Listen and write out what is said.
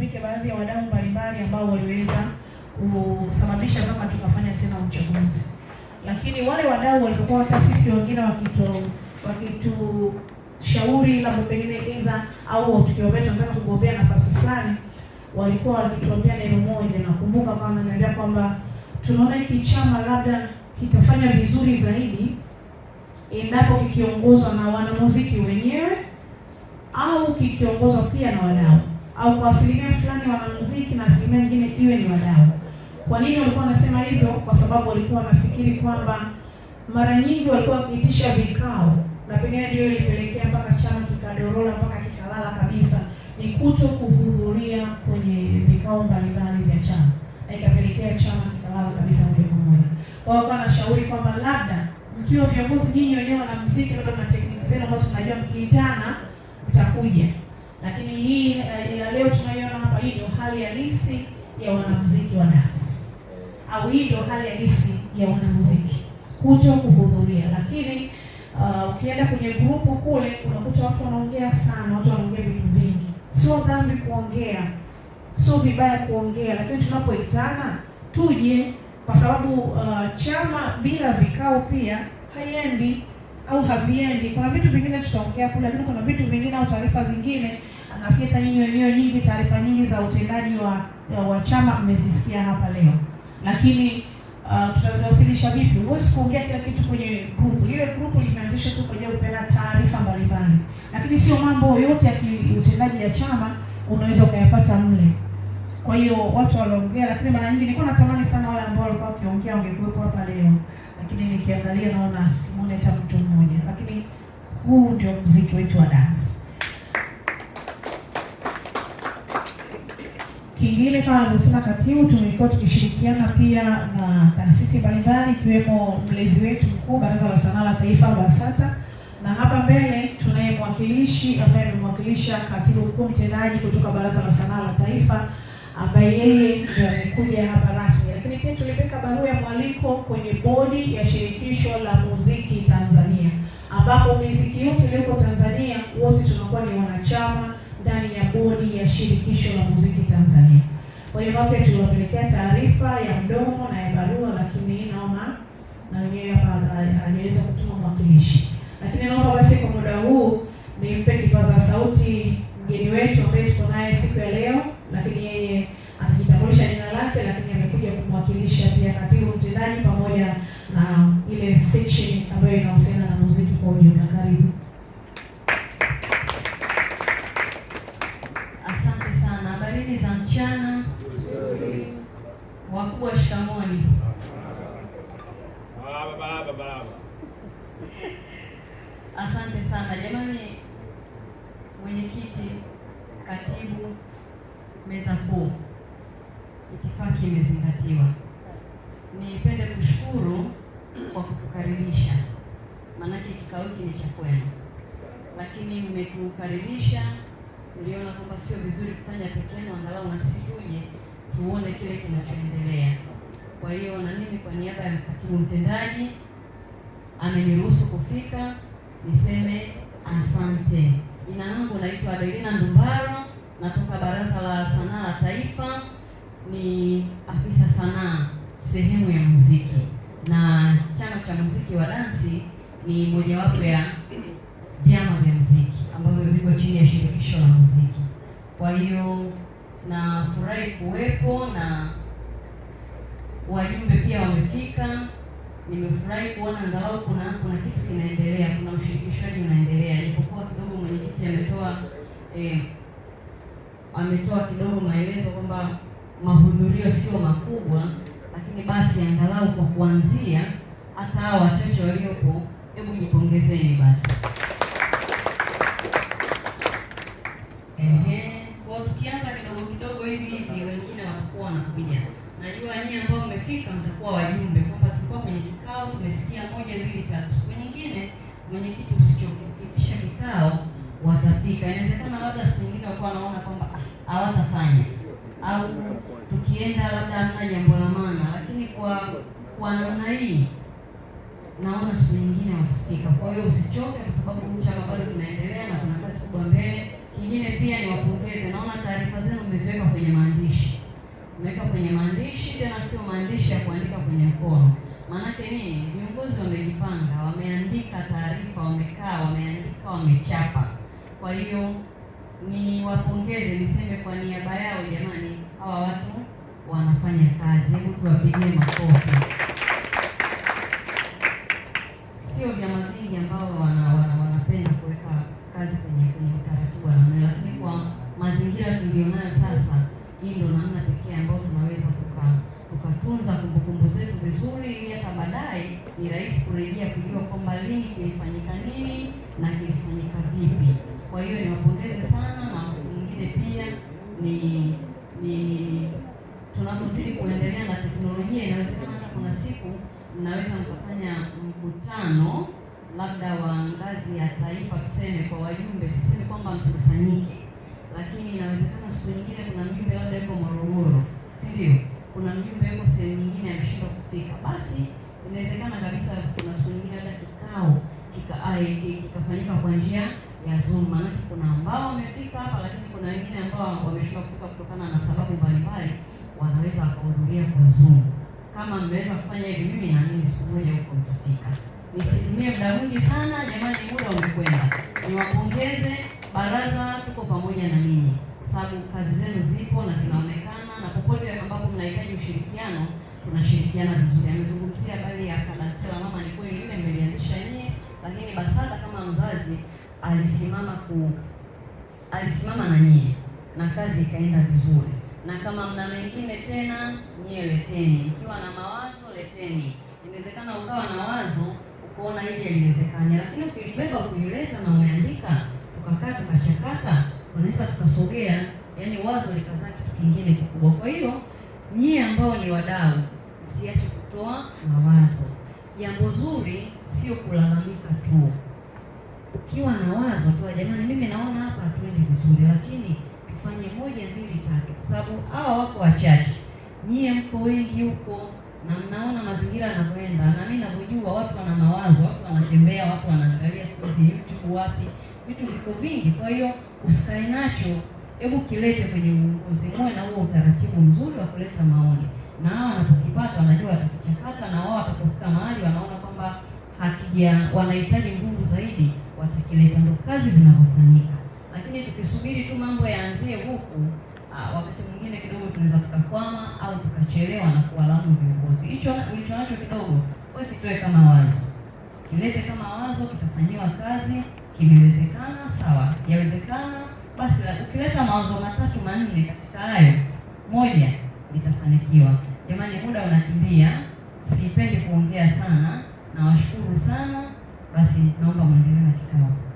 tutumike baadhi ya wadau mbalimbali ambao waliweza kusababisha kama tukafanya tena uchaguzi, lakini wale wadau walipokuwa hata sisi wengine wakitushauri labda pengine idha au tukiwaambia tunataka kugombea nafasi fulani, walikuwa wakituambia neno moja. Nakumbuka kama naendelea kwamba tunaona hiki chama labda kitafanya vizuri zaidi endapo kikiongozwa na wanamuziki wenyewe au kikiongozwa pia na wadau au kwa asilimia fulani muziki na asilimia nyingine iwe ni wadau. Kwa nini walikuwa wanasema hivyo? Kwa sababu walikuwa wanafikiri kwamba mara nyingi walikuwa wakiitisha vikao, na pengine ndio ilipelekea mpaka chama kikadorola mpaka kikalala kabisa, ni kuto kuhudhuria kwenye vikao mbalimbali vya chama, na ikapelekea chama kikalala kabisa moja kwa moja. Kwa hiyo kwamba labda mkiwa viongozi nyinyi wenyewe wana muziki, labda na tekniki zenu ambazo tunajua mkiitana mtakuja lakini hii eh, ya leo tunaiona hapa, hii ndio hali halisi ya wanamuziki wa dansi, au hii ndio hali halisi ya wanamuziki kuto kuhudhuria. Lakini uh, ukienda kwenye grupu kule unakuta watu wanaongea sana, watu wanaongea vitu vingi. Sio dhambi kuongea, sio vibaya kuongea, lakini tunapoitana tuje, kwa sababu uh, chama bila vikao pia haiendi au haviendi. Kuna vitu vingine tutaongea kule, lakini kuna vitu vingine au taarifa zingine nafikiri nyinyi wenyewe nyingi, taarifa nyingi za utendaji wa wa chama mmezisikia hapa leo, lakini uh, tutaziwasilisha vipi? Huwezi kuongea kila kitu kwenye grupu. Ile grupu limeanzishwa tu kwa kupeana taarifa mbalimbali, lakini sio mambo yote ya kiutendaji ya chama unaweza ukayapata mle. Kwa hiyo watu wanaongea lakini mara nyingi nilikuwa natamani sana wale ambao walikuwa wakiongea wangekuwepo hapa leo lakini nikiangalia naona simone hata mtu mmoja, lakini huu ndio mziki wetu wa dansi. Kingine kama alivyosema katibu, tumekuwa tukishirikiana pia na taasisi mbalimbali ikiwemo mlezi wetu mkuu Baraza la Sanaa la Taifa BASATA, na hapa mbele tunaye mwakilishi ambaye amemwakilisha katibu mkuu mtendaji kutoka Baraza la Sanaa la Taifa ambaye yeye ndio amekuja hapa rasmi lakini pia tulipeka barua ya mwaliko kwenye bodi ya shirikisho la muziki Tanzania, ambapo muziki yote iliyoko Tanzania wote tunakuwa ni wanachama ndani ya bodi ya shirikisho la muziki Tanzania. Kwa hiyo mapya tuliwapelekea taarifa ya mdomo na ya barua baba baba. Asante sana jamani, mwenyekiti, katibu, meza kuu, itifaki imezingatiwa. Nipende kushukuru kwa kutukaribisha, maanake kikao hiki ni cha kwenu, lakini mmetukaribisha. Niliona kwamba sio vizuri kufanya peke yenu, angalau na sisi tuje tuone kile kinachoendelea. Kwa hiyo na mimi kwa niaba ya katibu mtendaji ameniruhusu kufika, niseme asante. Jina langu naitwa Adelina Ndumbaro, natoka Baraza la Sanaa la Taifa, ni afisa sanaa sehemu ya muziki, na chama cha muziki wa dansi ni mojawapo ya vyama vya muziki ambavyo viko chini ya shirikisho la muziki. Kwa hiyo nafurahi kuwepo na wajumbe pia wamefika. Nimefurahi kuona angalau kuna kuna kitu kinaendelea, kuna ushirikishwaji unaendelea, ilipokuwa kidogo mwenyekiti ametoa eh, ametoa kidogo maelezo kwamba mahudhurio sio makubwa, lakini basi angalau kwa kuanzia hata hao wachache waliopo mwenyekiti usichokitisha kikao watafika. Inawezekana labda siku nyingine wakuwa wanaona kwamba ah, hawatafanya au tukienda labda hamna jambo la maana, lakini kwa kwa namna hii naona siku nyingine watafika. Kwa hiyo usichoke, kwa sababu mcha bado tunaendelea na kuna kazi kubwa mbele. Kingine pia niwapongeze, naona taarifa zenu mmeziweka kwenye maandishi, mmeweka kwenye maandishi, tena sio maandishi ya kuandika kwenye mkono. Maanake nini? Viongozi wamejipanga, wameandika taarifa, wamekaa, wameandika, wamechapa. Kwa hiyo ni wapongeze, niseme kwa niaba yao, jamani, hawa watu wanafanya kazi. Hebu tuwapigie makofi. Sio vyama vingi ambao wana, wana, wanapenda kuweka kazi kwenye kwenye utaratibu wa namna, lakini kwa mazingira tuliyonayo sasa, hii ndio namna vizuri, ili hata baadaye ni rahisi kurejea kujua kwamba lini kilifanyika nini na kilifanyika vipi. Kwa hiyo niwapongeze sana, na mwingine pia ni ni, ni tunapozidi kuendelea na teknolojia, inawezekana hata kuna siku mnaweza mkafanya mkutano labda wa ngazi ya taifa, tuseme kwa wajumbe, siseme kwamba msikusanyike, lakini inawezekana siku nyingine kuna mjumbe labda yuko Morogoro, si ndio? kuna mjumbe yuko sehemu nyingine ameshindwa kufika, basi inawezekana kabisa kuna siku nyingine hata kikao kikafanyika kwa njia ya Zoom. Maanake kuna ambao wamefika hapa, lakini kuna wengine ambao wameshindwa kufika kutokana na sababu mbalimbali, wanaweza wakahudhuria kwa Zoom. Kama mmeweza kufanya hivi, mimi naamini siku moja huko mtafika. Nisitumie muda mwingi sana jamani, muda umekwenda. Niwapongeze baraza, tuko pamoja na ninyi, sababu kazi zenu zipo na zinaonekana na popote ambapo mnahitaji ushirikiano tunashirikiana vizuri. Amezungumzia habari ya kabati la mama, ni kweli ile mmelianzisha nyie, lakini BASATA kama mzazi alisimama ku alisimama na nyie na kazi ikaenda vizuri. Na kama mna mengine tena, nyie leteni, ikiwa na mawazo leteni. Inawezekana ukawa na wazo ukaona hili haliwezekani, lakini ukilibeba kuileta na umeandika, tukakaa tukachakata tunaweza tukasogea, yani wazo likazaa kitu kingine kikubwa. Kwa hiyo nyie ambao ni wadau, msiache kutoa mawazo. Jambo zuri sio kulalamika tu. Ukiwa na wazo tu, jamani, mimi naona hapa hatuendi vizuri, lakini tufanye moja, mbili, tatu, kwa sababu hawa wako wachache, nyie mko wengi huko na mnaona mazingira yanavyoenda, na mimi ninavyojua, watu wana mawazo, watu wanatembea, watu wanaangalia siku hizi YouTube wapi, vitu viko vingi, kwa hiyo usikae nacho, hebu kilete kwenye uongozi, muwe na huo utaratibu mzuri wa kuleta maoni, na hao wanapokipata wanajua watakichakata, na wao watapofika mahali wanaona kwamba hakija, wanahitaji nguvu zaidi, watakileta. Ndo kazi zinavyofanyika, lakini tukisubiri tu mambo yaanzie huku ah, wakati mwingine kidogo tunaweza tukakwama au tukachelewa na kuwalamu viongozi. Hicho ulicho nacho kidogo, wewe kitoe kama wazo, kilete kama wazo, kitafanyiwa kazi imewezekana sawa, yawezekana. Basi ukileta mawazo matatu manne katika hayo, moja litafanikiwa. Jamani, muda unakimbia, sipendi kuongea sana, nawashukuru sana. Basi naomba mwendelee na kikao.